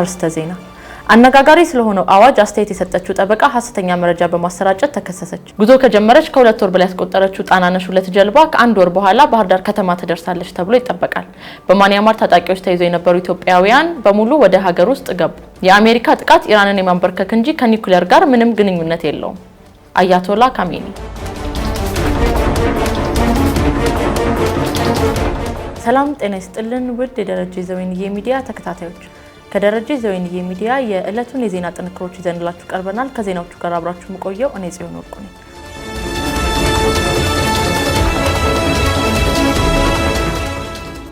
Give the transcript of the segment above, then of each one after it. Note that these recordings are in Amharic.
አርስተ ዜና አነጋጋሪ ስለሆነው አዋጅ አስተያየት የሰጠችው ጠበቃ ሀሰተኛ መረጃ በማሰራጨት ተከሰሰች። ጉዞ ከጀመረች ከሁለት ወር በላይ ያስቆጠረችው ጣናነሽ ሁለት ጀልባ ከአንድ ወር በኋላ ባህር ዳር ከተማ ትደርሳለች ተብሎ ይጠበቃል። በማንያማር ታጣቂዎች ተይዘው የነበሩ ኢትዮጵያውያን በሙሉ ወደ ሀገር ውስጥ ገቡ። የአሜሪካ ጥቃት ኢራንን የማንበርከክ እንጂ ከኒውክሌር ጋር ምንም ግንኙነት የለውም። አያቶላ ካሜኒ ሰላም ጤና ይስጥልን። ውድ የደረጀ ዘወይንዬ ሚዲያ ተከታታዮች ከደረጀ ዘወይንዬ ሚዲያ የዕለቱን የዜና ጥንክሮች ይዘንላችሁ ቀርበናል። ከዜናዎቹ ጋር አብራችሁ የምቆየው እኔ ጽዮን ወርቁ ነኝ።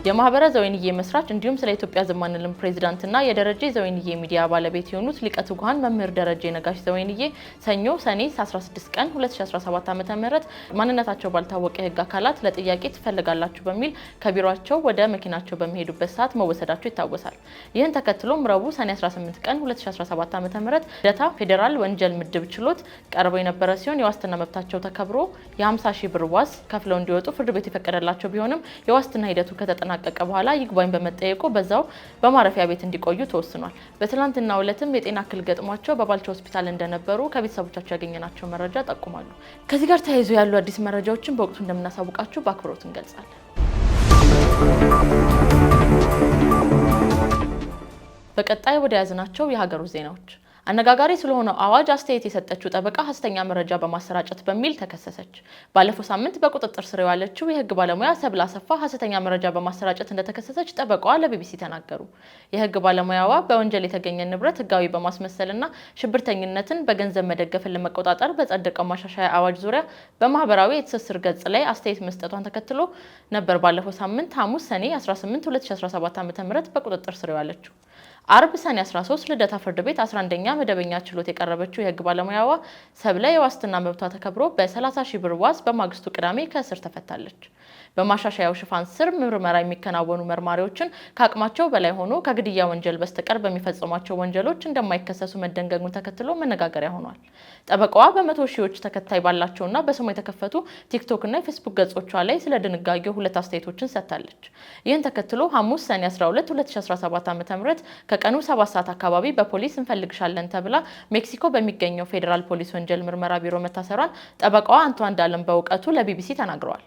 የማህበረ ዘወይንዬ መስራች እንዲሁም ስለ ኢትዮጵያ ዘማንልም ፕሬዚዳንትና የደረጀ ዘወይንዬ ሚዲያ ባለቤት የሆኑት ሊቀ ትጉሃን መምህር ደረጀ ነጋሽ ዘወይንዬ ሰኞ ሰኔ 16 ቀን 2017 ዓ ም ማንነታቸው ባልታወቀ የህግ አካላት ለጥያቄ ትፈልጋላችሁ በሚል ከቢሮቸው ወደ መኪናቸው በሚሄዱበት ሰዓት መወሰዳቸው ይታወሳል። ይህን ተከትሎም ረቡዕ ሰኔ 18 ቀን 2017 ዓ ም ልደታ ፌዴራል ወንጀል ምድብ ችሎት ቀርበው የነበረ ሲሆን የዋስትና መብታቸው ተከብሮ የ50 ሺህ ብር ዋስ ከፍለው እንዲወጡ ፍርድ ቤት የፈቀደላቸው ቢሆንም የዋስትና ሂደቱ ከተጠና ከተጠናቀቀ በኋላ ይግባኝ በመጠየቁ በዛው በማረፊያ ቤት እንዲቆዩ ተወስኗል። በትናንትናው ዕለትም የጤና እክል ገጥሟቸው በባልቻ ሆስፒታል እንደነበሩ ከቤተሰቦቻቸው ያገኘናቸው መረጃ ጠቁማሉ። ከዚህ ጋር ተያይዞ ያሉ አዲስ መረጃዎችን በወቅቱ እንደምናሳውቃችሁ በአክብሮት እንገልጻለን። በቀጣይ ወደ ያዝናቸው የሀገር ውስጥ ዜናዎች አነጋጋሪ ስለሆነው አዋጅ አስተያየት የሰጠችው ጠበቃ ሐሰተኛ መረጃ በማሰራጨት በሚል ተከሰሰች። ባለፈው ሳምንት በቁጥጥር ስር የዋለችው የህግ ባለሙያ ሰብለ አሰፋ ሐሰተኛ መረጃ በማሰራጨት እንደተከሰሰች ጠበቃዋ ለቢቢሲ ተናገሩ። የህግ ባለሙያዋ በወንጀል የተገኘ ንብረት ህጋዊ በማስመሰልና ሽብርተኝነትን በገንዘብ መደገፍን ለመቆጣጠር በጸደቀው ማሻሻያ አዋጅ ዙሪያ በማህበራዊ የትስስር ገጽ ላይ አስተያየት መስጠቷን ተከትሎ ነበር ባለፈው ሳምንት ሐሙስ ሰኔ 18 2017 ዓ ም በቁጥጥር ስር የዋለችው። አርብ ሰኔ 13 ልደታ ፍርድ ቤት 11ኛ መደበኛ ችሎት የቀረበችው የህግ ባለሙያዋ ሰብለ የዋስትና መብቷ ተከብሮ በ30 ሺህ ብር ዋስ በማግስቱ ቅዳሜ ከእስር ተፈታለች። በማሻሻያው ሽፋን ስር ምርመራ የሚከናወኑ መርማሪዎችን ከአቅማቸው በላይ ሆኖ ከግድያ ወንጀል በስተቀር በሚፈጽሟቸው ወንጀሎች እንደማይከሰሱ መደንገጉን ተከትሎ መነጋገሪያ ሆኗል። ጠበቃዋ በመቶ ሺዎች ተከታይ ባላቸውና በስሙ የተከፈቱ ቲክቶክና የፌስቡክ ገጾቿ ላይ ስለ ድንጋጌው ሁለት አስተያየቶችን ሰጥታለች። ይህን ተከትሎ ሐሙስ ሰኔ 12 2017 ዓ ም ከቀኑ ሰባት ሰዓት አካባቢ በፖሊስ እንፈልግሻለን ተብላ ሜክሲኮ በሚገኘው ፌዴራል ፖሊስ ወንጀል ምርመራ ቢሮ መታሰሯን ጠበቃዋ አንቷ እንዳለን በእውቀቱ ለቢቢሲ ተናግረዋል።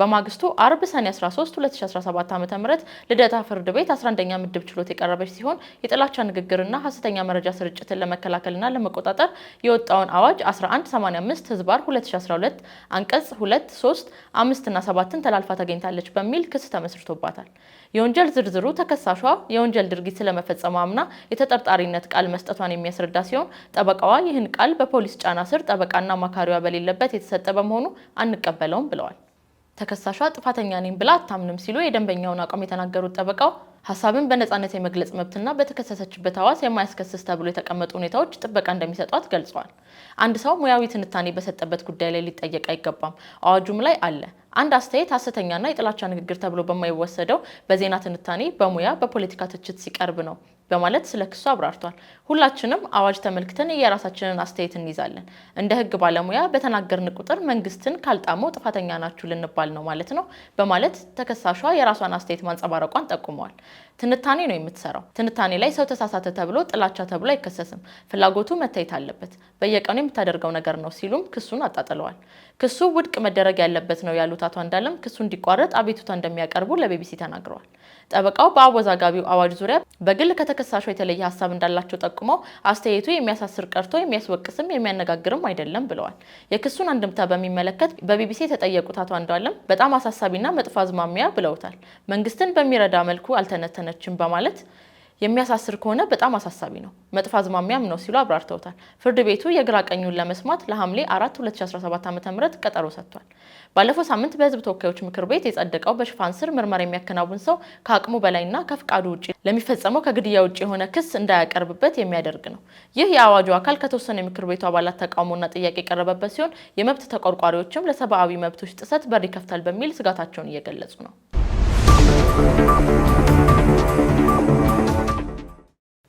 በማግስቱ አርብ ሰኔ 13 2017 ዓ.ም ልደታ ፍርድ ቤት 11ኛ ምድብ ችሎት የቀረበች ሲሆን የጥላቻ ንግግርና ሀሰተኛ መረጃ ስርጭትን ለመከላከልና ለመቆጣጠር የወጣውን አዋጅ 1185 ህዝባር 2012 አንቀጽ 2፣ 3፣ 5 እና 7ን ተላልፋ ተገኝታለች በሚል ክስ ተመስርቶባታል። የወንጀል ዝርዝሩ ተከሳሿ የወንጀል ድርጊት ስለመፈጸሟ አምና የተጠርጣሪነት ቃል መስጠቷን የሚያስረዳ ሲሆን ጠበቃዋ ይህን ቃል በፖሊስ ጫና ስር ጠበቃና አማካሪዋ በሌለበት የተሰጠ በመሆኑ አንቀበለውም ብለዋል። ተከሳሿ ጥፋተኛ ነኝ ብላ አታምንም ሲሉ የደንበኛውን አቋም የተናገሩት ጠበቃው ሀሳብን በነፃነት የመግለጽ መብትና በተከሰሰችበት አዋስ የማያስከስስ ተብሎ የተቀመጡ ሁኔታዎች ጥበቃ እንደሚሰጧት ገልጸዋል። አንድ ሰው ሙያዊ ትንታኔ በሰጠበት ጉዳይ ላይ ሊጠየቅ አይገባም፣ አዋጁም ላይ አለ። አንድ አስተያየት ሐሰተኛና የጥላቻ ንግግር ተብሎ በማይወሰደው በዜና ትንታኔ በሙያ በፖለቲካ ትችት ሲቀርብ ነው በማለት ስለ ክሱ አብራርቷል። ሁላችንም አዋጅ ተመልክተን የራሳችንን አስተያየት እንይዛለን። እንደ ህግ ባለሙያ በተናገርን ቁጥር መንግስትን ካልጣመው ጥፋተኛ ናችሁ ልንባል ነው ማለት ነው በማለት ተከሳሿ የራሷን አስተያየት ማንጸባረቋን ጠቁመዋል። ትንታኔ ነው የምትሰራው። ትንታኔ ላይ ሰው ተሳሳተ ተብሎ ጥላቻ ተብሎ አይከሰስም። ፍላጎቱ መታየት አለበት፣ በየቀኑ የምታደርገው ነገር ነው ሲሉም ክሱን አጣጥለዋል። ክሱ ውድቅ መደረግ ያለበት ነው ያሉት አቶ አንዳለም ክሱ እንዲቋረጥ አቤቱታ እንደሚያቀርቡ ለቢቢሲ ተናግረዋል። ጠበቃው በአወዛጋቢው አዋጅ ዙሪያ በግል ከተከሳሹ የተለየ ሀሳብ እንዳላቸው ጠቁመው አስተያየቱ የሚያሳስር ቀርቶ የሚያስወቅስም የሚያነጋግርም አይደለም ብለዋል። የክሱን አንድምታ በሚመለከት በቢቢሲ የተጠየቁት አቶ አንዳለም በጣም አሳሳቢና መጥፎ አዝማሚያ ብለውታል። መንግስትን በሚረዳ መልኩ አልተነተ አልወሰነችም በማለት የሚያሳስር ከሆነ በጣም አሳሳቢ ነው፣ መጥፎ አዝማሚያም ነው ሲሉ አብራርተውታል። ፍርድ ቤቱ የግራ ቀኙን ለመስማት ለሐምሌ 4 2017 ዓ ም ቀጠሮ ሰጥቷል። ባለፈው ሳምንት በህዝብ ተወካዮች ምክር ቤት የጸደቀው በሽፋን ስር ምርመራ የሚያከናውን ሰው ከአቅሙ በላይና ከፍቃዱ ውጭ ለሚፈጸመው ከግድያ ውጭ የሆነ ክስ እንዳያቀርብበት የሚያደርግ ነው። ይህ የአዋጁ አካል ከተወሰኑ የምክር ቤቱ አባላት ተቃውሞና ጥያቄ የቀረበበት ሲሆን የመብት ተቆርቋሪዎችም ለሰብአዊ መብቶች ጥሰት በር ይከፍታል በሚል ስጋታቸውን እየገለጹ ነው።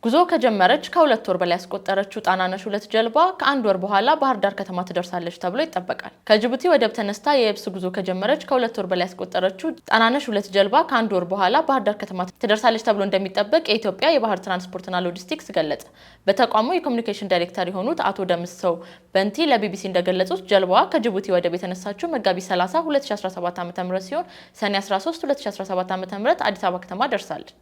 ጉዞ ከጀመረች ከሁለት ወር በላይ ያስቆጠረችው ጣናነሽ ሁለት ጀልባ ከአንድ ወር በኋላ ባህር ዳር ከተማ ትደርሳለች ተብሎ ይጠበቃል። ከጅቡቲ ወደብ ተነስታ የየብስ ጉዞ ከጀመረች ከሁለት ወር በላይ ያስቆጠረችው ጣናነሽ ሁለት ጀልባ ከአንድ ወር በኋላ ባህር ዳር ከተማ ትደርሳለች ተብሎ እንደሚጠበቅ የኢትዮጵያ የባህር ትራንስፖርትና ሎጂስቲክስ ገለጸ። በተቋሙ የኮሚኒኬሽን ዳይሬክተር የሆኑት አቶ ደምሰው በንቲ ለቢቢሲ እንደገለጹት ጀልባዋ ከጅቡቲ ወደብ የተነሳችው መጋቢት 30 2017 ዓ.ም ሲሆን ሰኔ 13 2017 ዓ.ም አዲስ አበባ ከተማ ደርሳለች።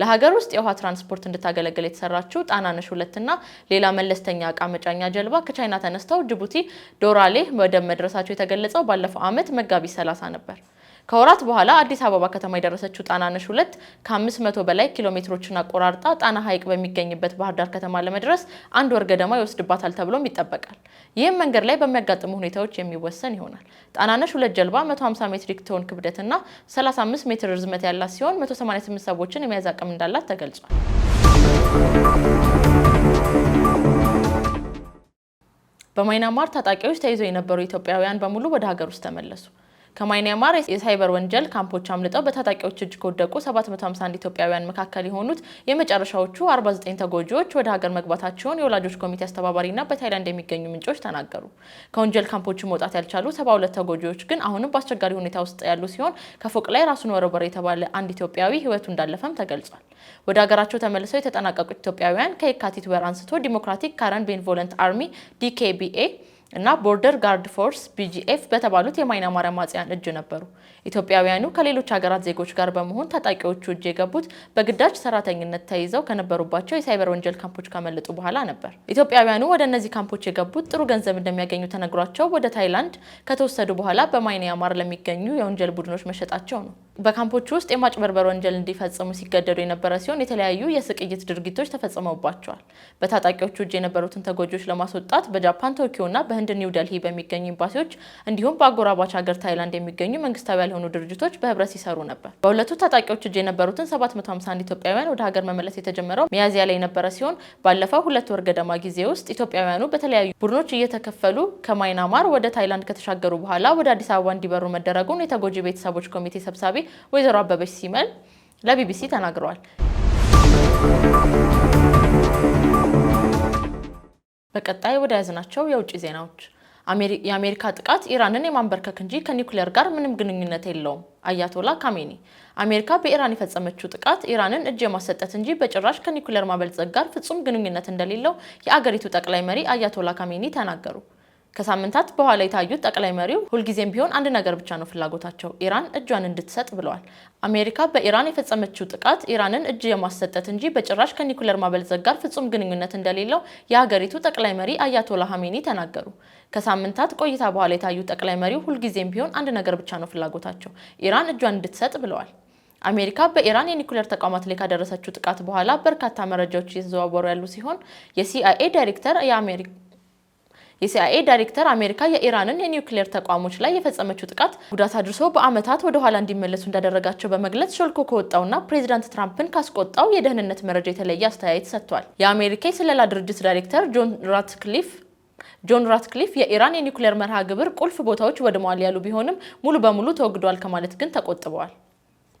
ለሀገር ውስጥ የውሃ ትራንስፖርት እንድታገለግል ማዕከል የተሰራችው ጣናነሽ ሁለትና ሌላ መለስተኛ እቃ መጫኛ ጀልባ ከቻይና ተነስተው ጅቡቲ ዶራሌ ወደብ መድረሳቸው የተገለጸው ባለፈው ዓመት መጋቢት 30 ነበር። ከወራት በኋላ አዲስ አበባ ከተማ የደረሰችው ጣናነሽ ሁለት ከ500 በላይ ኪሎ ሜትሮችን አቆራርጣ ጣና ሐይቅ በሚገኝበት ባህር ዳር ከተማ ለመድረስ አንድ ወር ገደማ ይወስድባታል ተብሎም ይጠበቃል። ይህም መንገድ ላይ በሚያጋጥሙ ሁኔታዎች የሚወሰን ይሆናል። ጣናነሽ ሁለት ጀልባ 150 ሜትሪክ ቶን ክብደትና 35 ሜትር ርዝመት ያላት ሲሆን 188 ሰዎችን የመያዝ አቅም እንዳላት ተገልጿል። በማይናማር ታጣቂዎች ተይዘው የነበሩ ኢትዮጵያውያን በሙሉ ወደ ሀገር ውስጥ ተመለሱ። ከማይናማር የሳይበር ወንጀል ካምፖች አምልጠው በታጣቂዎች እጅ ከወደቁ 751 ኢትዮጵያውያን መካከል የሆኑት የመጨረሻዎቹ 49 ተጎጂዎች ወደ ሀገር መግባታቸውን የወላጆች ኮሚቴ አስተባባሪና በታይላንድ የሚገኙ ምንጮች ተናገሩ። ከወንጀል ካምፖች መውጣት ያልቻሉ 72 ተጎጂዎች ግን አሁንም በአስቸጋሪ ሁኔታ ውስጥ ያሉ ሲሆን ከፎቅ ላይ ራሱን ወረወረ የተባለ አንድ ኢትዮጵያዊ ህይወቱ እንዳለፈም ተገልጿል። ወደ ሀገራቸው ተመልሰው የተጠናቀቁት ኢትዮጵያውያን ከየካቲት ወር አንስቶ ዲሞክራቲክ ካረን ቤንቮለንት አርሚ ዲኬቢኤ እና ቦርደር ጋርድ ፎርስ ቢጂኤፍ በተባሉት የማይናማር አማጽያን እጅ ነበሩ። ኢትዮጵያውያኑ ከሌሎች ሀገራት ዜጎች ጋር በመሆን ታጣቂዎቹ እጅ የገቡት በግዳጅ ሰራተኝነት ተይዘው ከነበሩባቸው የሳይበር ወንጀል ካምፖች ከመለጡ በኋላ ነበር። ኢትዮጵያውያኑ ወደ እነዚህ ካምፖች የገቡት ጥሩ ገንዘብ እንደሚያገኙ ተነግሯቸው ወደ ታይላንድ ከተወሰዱ በኋላ በማይናማር ለሚገኙ የወንጀል ቡድኖች መሸጣቸው ነው። በካምፖቹ ውስጥ የማጭበርበር ወንጀል እንዲፈጽሙ ሲገደዱ የነበረ ሲሆን የተለያዩ የስቅይት ድርጊቶች ተፈጽመውባቸዋል። በታጣቂዎቹ እጅ የነበሩትን ተጎጂዎች ለማስወጣት በጃፓን ቶኪዮና በ በህንድ ኒው ደልሂ በሚገኙ ኤምባሲዎች እንዲሁም በአጎራባች ሀገር ታይላንድ የሚገኙ መንግስታዊ ያልሆኑ ድርጅቶች በህብረት ሲሰሩ ነበር። በሁለቱ ታጣቂዎች እጅ የነበሩትን 751 ኢትዮጵያውያን ወደ ሀገር መመለስ የተጀመረው ሚያዝያ ላይ የነበረ ሲሆን ባለፈው ሁለት ወር ገደማ ጊዜ ውስጥ ኢትዮጵያውያኑ በተለያዩ ቡድኖች እየተከፈሉ ከማይናማር ወደ ታይላንድ ከተሻገሩ በኋላ ወደ አዲስ አበባ እንዲበሩ መደረጉን የተጎጂ ቤተሰቦች ኮሚቴ ሰብሳቢ ወይዘሮ አበበች ሲመል ለቢቢሲ ተናግረዋል። በቀጣይ ወደ ያዝናቸው የውጭ ዜናዎች የአሜሪካ ጥቃት ኢራንን የማንበርከክ እንጂ ከኒውክሌር ጋር ምንም ግንኙነት የለውም። አያቶላ ካሜኒ አሜሪካ በኢራን የፈጸመችው ጥቃት ኢራንን እጅ የማሰጠት እንጂ በጭራሽ ከኒውክሌር ማበልጸግ ጋር ፍጹም ግንኙነት እንደሌለው የአገሪቱ ጠቅላይ መሪ አያቶላ ካሜኒ ተናገሩ። ከሳምንታት በኋላ የታዩት ጠቅላይ መሪው ሁልጊዜም ቢሆን አንድ ነገር ብቻ ነው ፍላጎታቸው፣ ኢራን እጇን እንድትሰጥ ብለዋል። አሜሪካ በኢራን የፈጸመችው ጥቃት ኢራንን እጅ የማሰጠት እንጂ በጭራሽ ከኒኩለር ማበልጸግ ጋር ፍጹም ግንኙነት እንደሌለው የሀገሪቱ ጠቅላይ መሪ አያቶላ ሀሜኒ ተናገሩ። ከሳምንታት ቆይታ በኋላ የታዩት ጠቅላይ መሪው ሁልጊዜም ቢሆን አንድ ነገር ብቻ ነው ፍላጎታቸው፣ ኢራን እጇን እንድትሰጥ ብለዋል። አሜሪካ በኢራን የኒኩሌር ተቋማት ላይ ካደረሰችው ጥቃት በኋላ በርካታ መረጃዎች እየተዘዋወሩ ያሉ ሲሆን የሲአይኤ ዳይሬክተር የአሜሪካ የሲአይኤ ዳይሬክተር አሜሪካ የኢራንን የኒውክሌር ተቋሞች ላይ የፈጸመችው ጥቃት ጉዳት አድርሶ በዓመታት ወደ ኋላ እንዲመለሱ እንዳደረጋቸው በመግለጽ ሾልኮ ከወጣውና ፕሬዚዳንት ትራምፕን ካስቆጣው የደህንነት መረጃ የተለየ አስተያየት ሰጥቷል። የአሜሪካ የስለላ ድርጅት ዳይሬክተር ጆን ራትክሊፍ ጆን ራትክሊፍ የኢራን የኒውክሌር መርሃ ግብር ቁልፍ ቦታዎች ወድመዋል ያሉ ቢሆንም ሙሉ በሙሉ ተወግደዋል ከማለት ግን ተቆጥበዋል።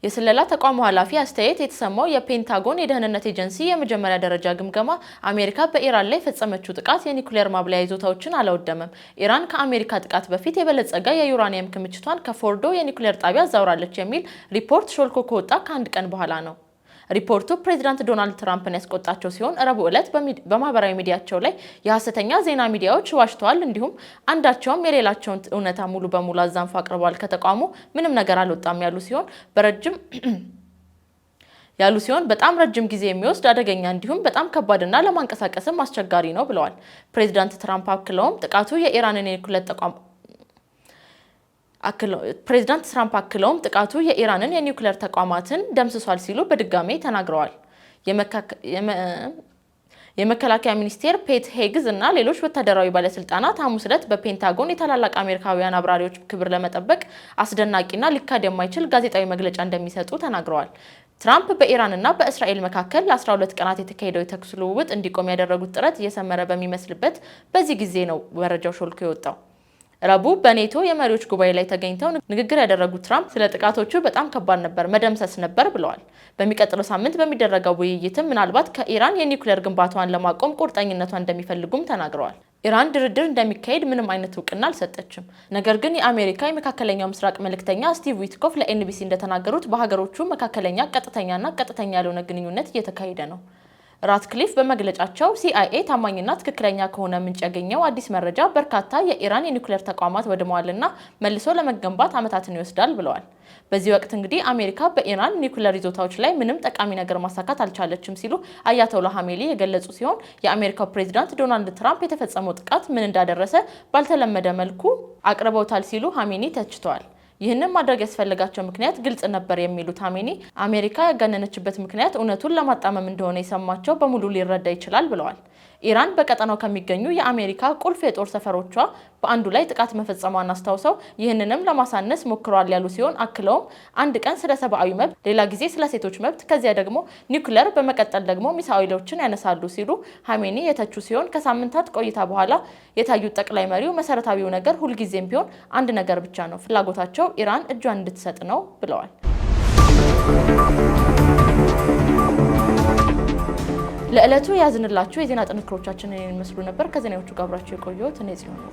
የስለላ ተቋሙ ኃላፊ አስተያየት የተሰማው የፔንታጎን የደህንነት ኤጀንሲ የመጀመሪያ ደረጃ ግምገማ አሜሪካ በኢራን ላይ የፈጸመችው ጥቃት የኒውክሌር ማብለያ ይዞታዎችን አላወደመም፣ ኢራን ከአሜሪካ ጥቃት በፊት የበለጸገ የዩራኒየም ክምችቷን ከፎርዶ የኒውክሌር ጣቢያ አዛውራለች የሚል ሪፖርት ሾልኮ ከወጣ ከአንድ ቀን በኋላ ነው። ሪፖርቱ ፕሬዚዳንት ዶናልድ ትራምፕን ያስቆጣቸው ሲሆን ረቡዕ ዕለት በማህበራዊ ሚዲያቸው ላይ የሀሰተኛ ዜና ሚዲያዎች ዋሽተዋል፣ እንዲሁም አንዳቸውም የሌላቸውን እውነታ ሙሉ በሙሉ አዛንፎ አቅርበዋል፣ ከተቋሙ ምንም ነገር አልወጣም ያሉ ሲሆን በረጅም ያሉ ሲሆን በጣም ረጅም ጊዜ የሚወስድ አደገኛ እንዲሁም በጣም ከባድና ለማንቀሳቀስም አስቸጋሪ ነው ብለዋል። ፕሬዚዳንት ትራምፕ አክለውም ጥቃቱ የኢራንን የኩለት ተቋም ፕሬዚዳንት ትራምፕ አክለውም ጥቃቱ የኢራንን የኒውክሌር ተቋማትን ደምስሷል ሲሉ በድጋሜ ተናግረዋል። የመከላከያ ሚኒስቴር ፔት ሄግዝ እና ሌሎች ወታደራዊ ባለስልጣናት ሐሙስ ዕለት በፔንታጎን የታላላቅ አሜሪካውያን አብራሪዎች ክብር ለመጠበቅ አስደናቂና ሊካድ የማይችል ጋዜጣዊ መግለጫ እንደሚሰጡ ተናግረዋል። ትራምፕ እና በእስራኤል መካከል ለ12 ቀናት የተካሄደው የተኩስ ልውውጥ እንዲቆም ያደረጉት ጥረት እየሰመረ በሚመስልበት በዚህ ጊዜ ነው መረጃው ሾልኮ የወጣው። ረቡዕ በኔቶ የመሪዎች ጉባኤ ላይ ተገኝተው ንግግር ያደረጉት ትራምፕ ስለ ጥቃቶቹ በጣም ከባድ ነበር፣ መደምሰስ ነበር ብለዋል። በሚቀጥለው ሳምንት በሚደረገው ውይይትም ምናልባት ከኢራን የኒውክሌር ግንባታዋን ለማቆም ቁርጠኝነቷን እንደሚፈልጉም ተናግረዋል። ኢራን ድርድር እንደሚካሄድ ምንም አይነት እውቅና አልሰጠችም። ነገር ግን የአሜሪካ የመካከለኛው ምስራቅ መልእክተኛ ስቲቭ ዊትኮፍ ለኤንቢሲ እንደተናገሩት በሀገሮቹ መካከለኛ ቀጥተኛና ቀጥተኛ ያልሆነ ግንኙነት እየተካሄደ ነው። ራትክሊፍ በመግለጫቸው ሲአይኤ ታማኝና ትክክለኛ ከሆነ ምንጭ ያገኘው አዲስ መረጃ በርካታ የኢራን የኒውክሌር ተቋማት ወድመዋልና መልሶ ለመገንባት ዓመታትን ይወስዳል ብለዋል። በዚህ ወቅት እንግዲህ አሜሪካ በኢራን ኒውክሌር ይዞታዎች ላይ ምንም ጠቃሚ ነገር ማሳካት አልቻለችም ሲሉ አያቶላ ሀሜሊ የገለጹ ሲሆን የአሜሪካው ፕሬዚዳንት ዶናልድ ትራምፕ የተፈጸመው ጥቃት ምን እንዳደረሰ ባልተለመደ መልኩ አቅርበውታል ሲሉ ሀሜኒ ተችተዋል። ይህንን ማድረግ ያስፈለጋቸው ምክንያት ግልጽ ነበር የሚሉት አሜኒ አሜሪካ ያጋነነችበት ምክንያት እውነቱን ለማጣመም እንደሆነ የሰማቸው በሙሉ ሊረዳ ይችላል ብለዋል። ኢራን በቀጠናው ከሚገኙ የአሜሪካ ቁልፍ የጦር ሰፈሮቿ በአንዱ ላይ ጥቃት መፈጸሟን አስታውሰው ይህንንም ለማሳነስ ሞክሯል ያሉ ሲሆን አክለውም አንድ ቀን ስለ ሰብአዊ መብት፣ ሌላ ጊዜ ስለ ሴቶች መብት፣ ከዚያ ደግሞ ኒውክለር፣ በመቀጠል ደግሞ ሚሳኤሎችን ያነሳሉ ሲሉ ሀሜኒ የተቹ ሲሆን ከሳምንታት ቆይታ በኋላ የታዩት ጠቅላይ መሪው መሰረታዊው ነገር ሁልጊዜም ቢሆን አንድ ነገር ብቻ ነው፣ ፍላጎታቸው ኢራን እጇን እንድትሰጥ ነው ብለዋል። ለዕለቱ ያዝንላችሁ የዜና ጥንክሮቻችን የሚመስሉ ነበር። ከዜናዎቹ ጋር አብራችሁ የቆየሁት እኔ ጽዮን ነው።